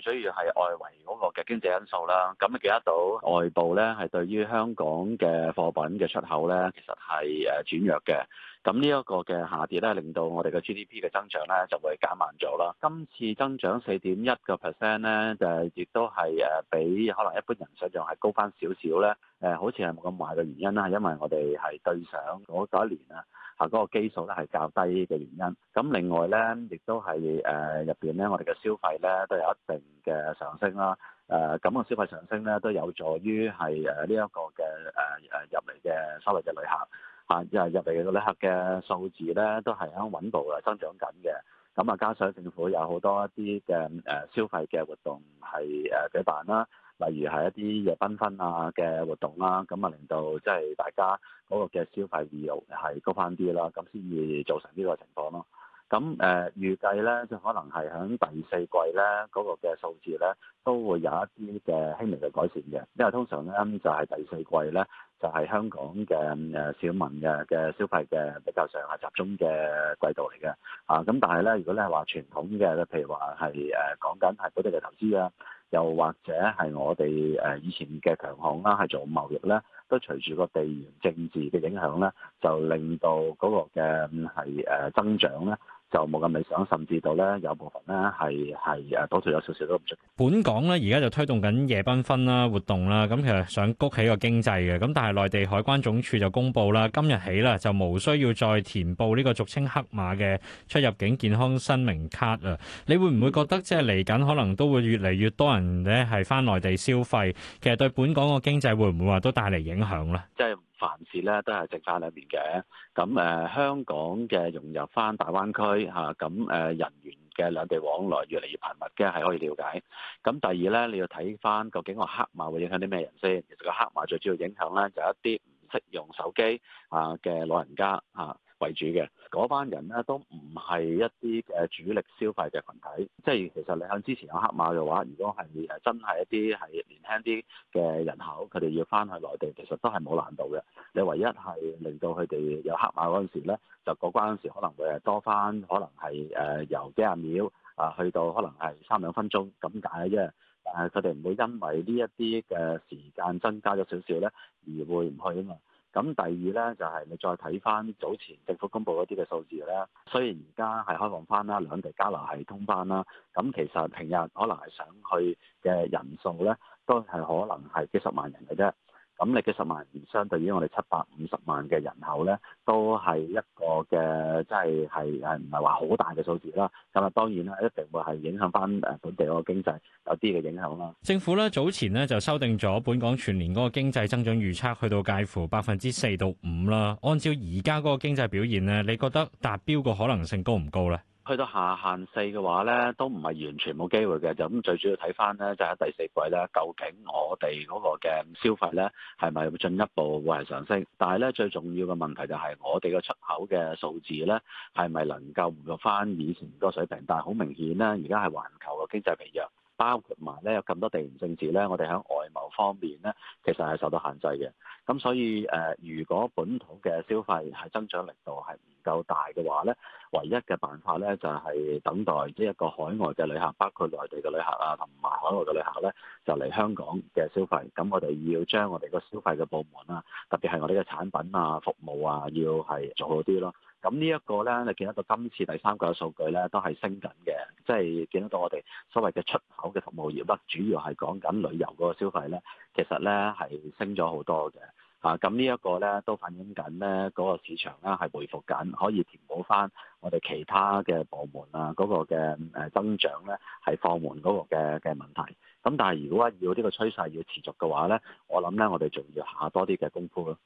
最主要係外圍嗰個嘅經濟因素啦，咁見得到外部咧係對於香港嘅貨品嘅出口咧，其實係誒轉弱嘅。咁呢一個嘅下跌咧，令到我哋嘅 GDP 嘅增長咧就會減慢咗啦。今次增長四點一個 percent 咧，就係亦都係誒比可能一般人想像係高翻少少咧。誒，好似係冇咁壞嘅原因啦，係因為我哋係對上嗰一年啊。嚇嗰個基數咧係較低嘅原因，咁另外咧亦都係誒入邊咧，我哋嘅消費咧都有一定嘅上升啦。誒咁個消費上升咧都有助於係誒呢一個嘅誒誒入嚟嘅所謂嘅旅客嚇，入入嚟嘅旅客嘅數字咧都係喺穩步嘅增長緊嘅。咁啊加上政府有好多一啲嘅誒消費嘅活動係誒舉辦啦。例如係一啲夜繽紛啊嘅活動啦，咁啊令到即係大家嗰個嘅消費意欲係高翻啲啦，咁先至造成呢個情況咯。咁誒、呃、預計咧，就可能係響第四季咧嗰、那個嘅數字咧，都會有一啲嘅輕微嘅改善嘅，因為通常咧就係、是、第四季咧就係、是、香港嘅誒小民嘅嘅消費嘅比較上下集中嘅季度嚟嘅啊。咁但係咧，如果你係話傳統嘅，譬如話係誒講緊係本地嘅投資啊。又或者係我哋誒以前嘅強項啦，係做貿易咧，都隨住個地緣政治嘅影響咧，就令到嗰個嘅係誒增長咧，就冇咁理想，甚至到咧有部分咧係係誒，多咗有少少都唔出奇。本港咧而家就推動緊夜繽紛啦，活動啦，咁其實想谷起個經濟嘅。咁但係內地海關總署就公布啦，今日起啦就冇需要再填報呢個俗稱黑碼嘅出入境健康申明卡啦。你會唔會覺得即係嚟緊可能都會越嚟越多人咧係翻內地消費，其實對本港個經濟會唔會話都帶嚟影響咧？凡事咧都係正反兩面嘅，咁誒、呃、香港嘅融入翻大灣區嚇，咁、啊、誒、啊、人員嘅兩地往來越嚟越頻密嘅係可以了解。咁第二咧，你要睇翻究竟個黑碼會影響啲咩人先？其實個黑碼最主要影響咧就係、一啲唔識用手機啊嘅老人家嚇。啊為主嘅嗰班人咧，都唔係一啲誒主力消費嘅群體，即係其實你喺之前有黑碼嘅話，如果係誒真係一啲係年輕啲嘅人口，佢哋要翻去內地，其實都係冇難度嘅。你唯一係令到佢哋有黑碼嗰陣時咧，就過關嗰陣時可能會係多翻，可能係誒由幾廿秒啊去到可能係三兩分鐘咁解，因為誒佢哋唔會因為呢一啲嘅時間增加咗少少咧而會唔去啊嘛。咁第二呢，就係你再睇翻早前政府公布嗰啲嘅數字呢。雖然而家係開放翻啦，兩地交流係通翻啦，咁其實平日可能係上去嘅人數呢，都係可能係幾十萬人嘅啫。咁你嘅十萬人相對於我哋七百五十萬嘅人口咧，都係一個嘅即係係誒唔係話好大嘅數字啦。咁啊當然啦，一定會係影響返誒本地個經濟有啲嘅影響啦。政府咧早前咧就修訂咗本港全年嗰個經濟增長預測，去到介乎百分之四到五啦。按照而家嗰個經濟表現咧，你覺得達標個可能性高唔高咧？去到下限四嘅話呢，都唔係完全冇機會嘅。就咁最主要睇翻呢，就係、是、第四季呢，究竟我哋嗰個嘅消費呢，係咪會進一步會係上升？但係呢，最重要嘅問題就係、是、我哋嘅出口嘅數字呢，係咪能夠回復翻以前個水平？但係好明顯呢，而家係環球嘅經濟疲弱。包括埋咧有咁多地緣政治咧，我哋喺外貿方面咧，其實係受到限制嘅。咁所以誒、呃，如果本土嘅消費係增長力度係唔夠大嘅話咧，唯一嘅辦法咧就係、是、等待呢一個海外嘅旅客，包括內地嘅旅客啊，同埋海外嘅旅客咧，就嚟香港嘅消費。咁我哋要將我哋個消費嘅部門啊，特別係我哋嘅產品啊、服務啊，要係做好啲咯。咁呢一個呢，你見得到今次第三季嘅數據呢都係升緊嘅，即係見得到我哋所謂嘅出口嘅服務業啦，主要係講緊旅遊嗰個消費呢，其實呢係升咗好多嘅。啊，咁呢一個呢都反映緊呢嗰個市場呢係回復緊，可以填補翻我哋其他嘅部門啊嗰個嘅誒增長呢係放緩嗰個嘅嘅問題。咁但係如果要呢個趨勢要持續嘅話呢，我諗呢我哋仲要下多啲嘅功夫咯。